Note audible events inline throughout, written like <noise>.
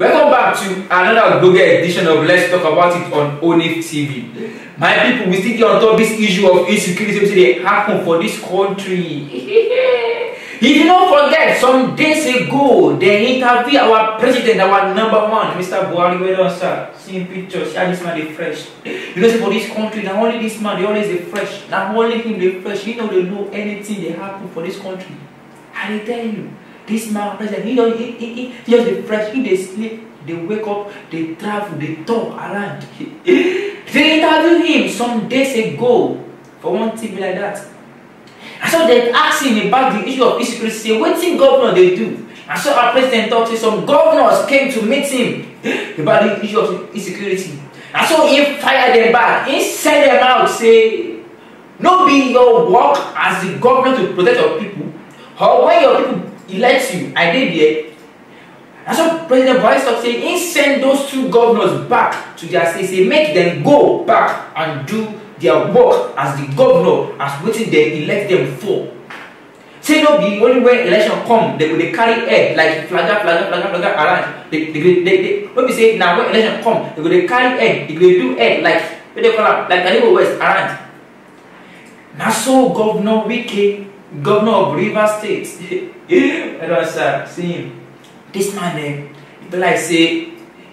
Welcome back to another Ogboge edition of Let's Talk About It on ONIF TV. My people, we still get on top this issue of insecurity which happen for this country. <laughs> If you no forget, some days ago, they interview our president, our number one, Mr. Buhari, well done, sir. Seeing pictures, yeah, this man dey fresh. You know, for this country, not only this man dey always dey fresh. Na only him dey fresh. He no dey know anything dey happen for this country. I tell you. This man president, he don't he, he, he, just dey fresh, he dey sleep, dey wake up, dey travel, dey talk around. they interview him some days ago for one TV like that. And so they ask him about the issue of insecurity, say wetin governor dey do? And so our president talk say some governors came to meet him about the issue of insecurity. And so he fire them back, he send them out say no be your work as the government to protect your people or when your people elect you i dey there na so president buhari tok saying he send those two governors back to their state say make them go back and do their work as the governor as wetin they elect them for say no be only when election come they will dey carry head like flaga flaga flaga flaga around dey dey dey dey no be say na when election come they will dey carry head They will do head like what they call am like anigo west around na so governor wike governor of Rivers State. <laughs> I don sir see him. This man eh, be like say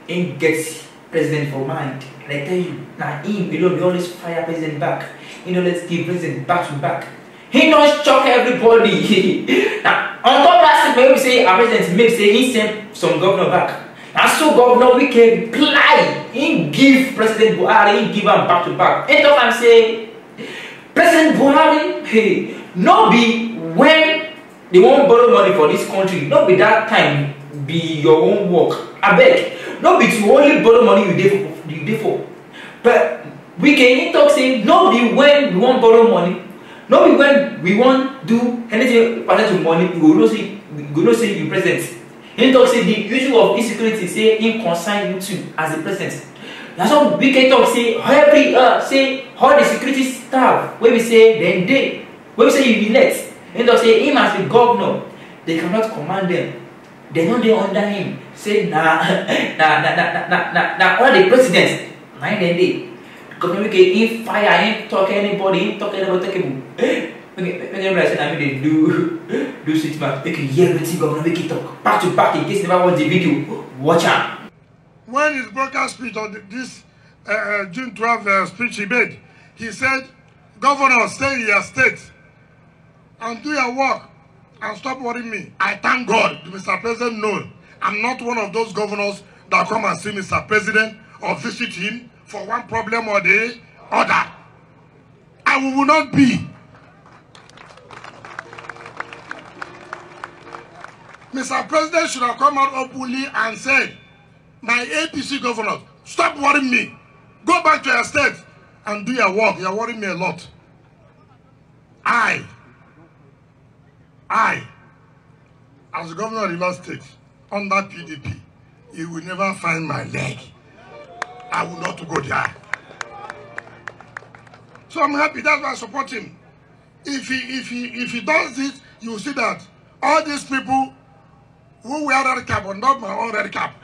him get president for mind. And I tell you, now him alone dey always fire president back. You know, let's give president back to back. He knows shock everybody. <laughs> Now, on top of that when we say our president make say he send some governor back. Na so governor we can reply, he give president Buhari, he give him back to back. And talk am say president Buhari. Hey, <laughs> no be when they wan borrow money for this country no be that time be your own work abeg no be to only borrow money you dey for you dey for but we can talk say no be when we wan borrow money no be when we wan do anything pertaining to money you go know say you go know say you present him talk say the issue of insecurity say him concern you too as a president na so wike talk say every uh, say all the security staff wey be say dem dey when you say you elect him talk say him as the governor they cannot command them they know they under him say na <laughs> na na na na na na all the president na him dem dey governor wike him fire him talk anybody him talk anybody talk him make make everybody say na me do <laughs> do six months make you hear wetin governor wike talk back to back in case you never watch the video watch out. when his broadcast speech on this uh, uh june 12 uh, speech he made he said "Governor, stay in your state and do your work and stop worrying me. I thank God, Mr. President, no. I'm not one of those governors that come and see Mr. President or visit him for one problem or the other. I will not be. Mr. President should have come out openly and said, my APC governors, stop worrying me. Go back to your state and do your work. You're worrying me a lot. I I, as governor of Rivers State, under PDP, you will never find my leg. I will not go there. So I'm happy. That's why I support him. If he if he if he does this, you will see that all these people who wear red cap are not my own red cap.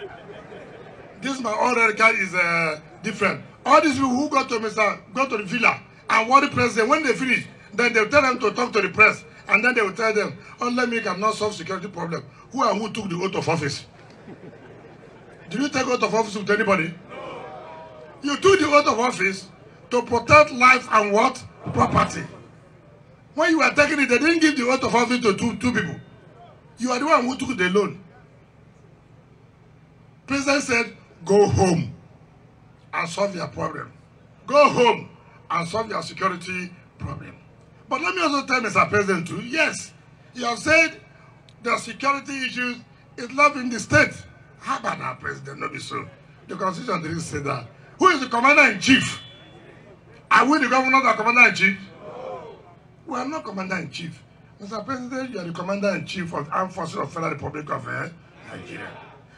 This my own red cap is uh, different. All these people who go to Mr. go to the villa and what the president when they finish, then they tell them to talk to the press. And then they will tell them, unlike oh, me, I'm not solve security problem. Who and who took the oath of office? Did you take oath of office with anybody? No. You took the oath of office to protect life and what? Property. When you were taking it, they didn't give the oath of office to two, two people. You are the one who took the loan. President said, go home and solve your problem. Go home and solve your security problem. But let me also tell Mr. President too, yes, you have said the security issues is love in the state. How about that, President? Not be so. The Constitution didn't say that. Who is the Commander-in-Chief? Are we the governor the Commander-in-Chief? We are not Commander-in-Chief. Mr. President, you are the Commander-in-Chief of the Armed Forces of Federal Republic of eh, Nigeria.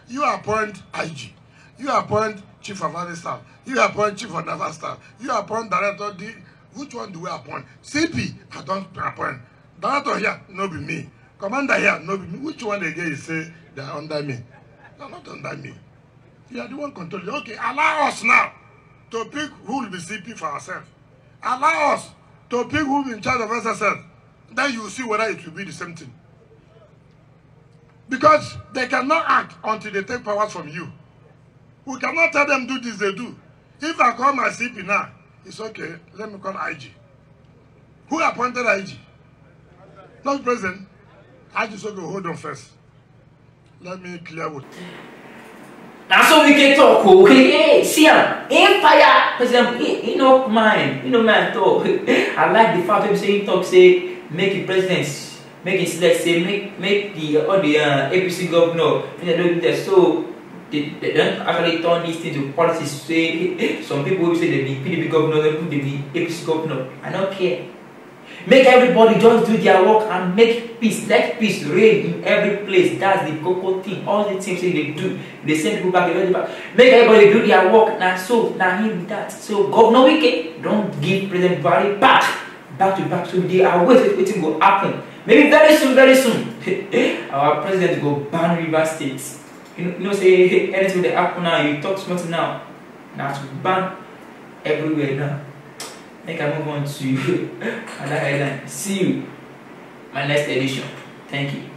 You appoint IG. You appoint Chief of Army Staff. You appoint Chief of Naval Staff. You appoint Director D Which one do we appoint? CP, I don't appoint. Director here, no be me. Commander here, no be me. Which one again you say they are under me? They not under me. You are the one controlling. Okay, allow us now to pick who will be CP for ourselves. Allow us to pick who will be in charge of SSL. Then you will see whether it will be the same thing. Because they cannot act until they take powers from you. We cannot tell them do this, they do. If I call my CP now, It's okay. Let me call IG. Who appointed IG? Not president. IG Sogo, hold on first. Let me clear with Now so we can talk, okay? Hey, see him. Hey, fire. President, he, he not mind. He not mind talk. <laughs> I like the fact people say he talk, say, make the president. Make it select, say, make, make the, all the uh, APC governor. You know, so they, don't actually turn these things to policies. Say eh, some people will say they be PDP governor, some people they be APC governor. I don't care. Make everybody just do their work and make peace. Let peace reign in every place. That's the cocoa thing. All the things they do, they send people back, they send back. Make everybody do their work. Now so, now him that. So Governor Wike, don't give President Buhari back, back to back. So they are waiting, waiting will happen. Maybe very soon, very soon, <laughs> our president will ban River State. You know, say hey, anything The app now, you talk smart now. Now to ban everywhere now. Make I move on to <laughs> another headline. See you my next edition. Thank you.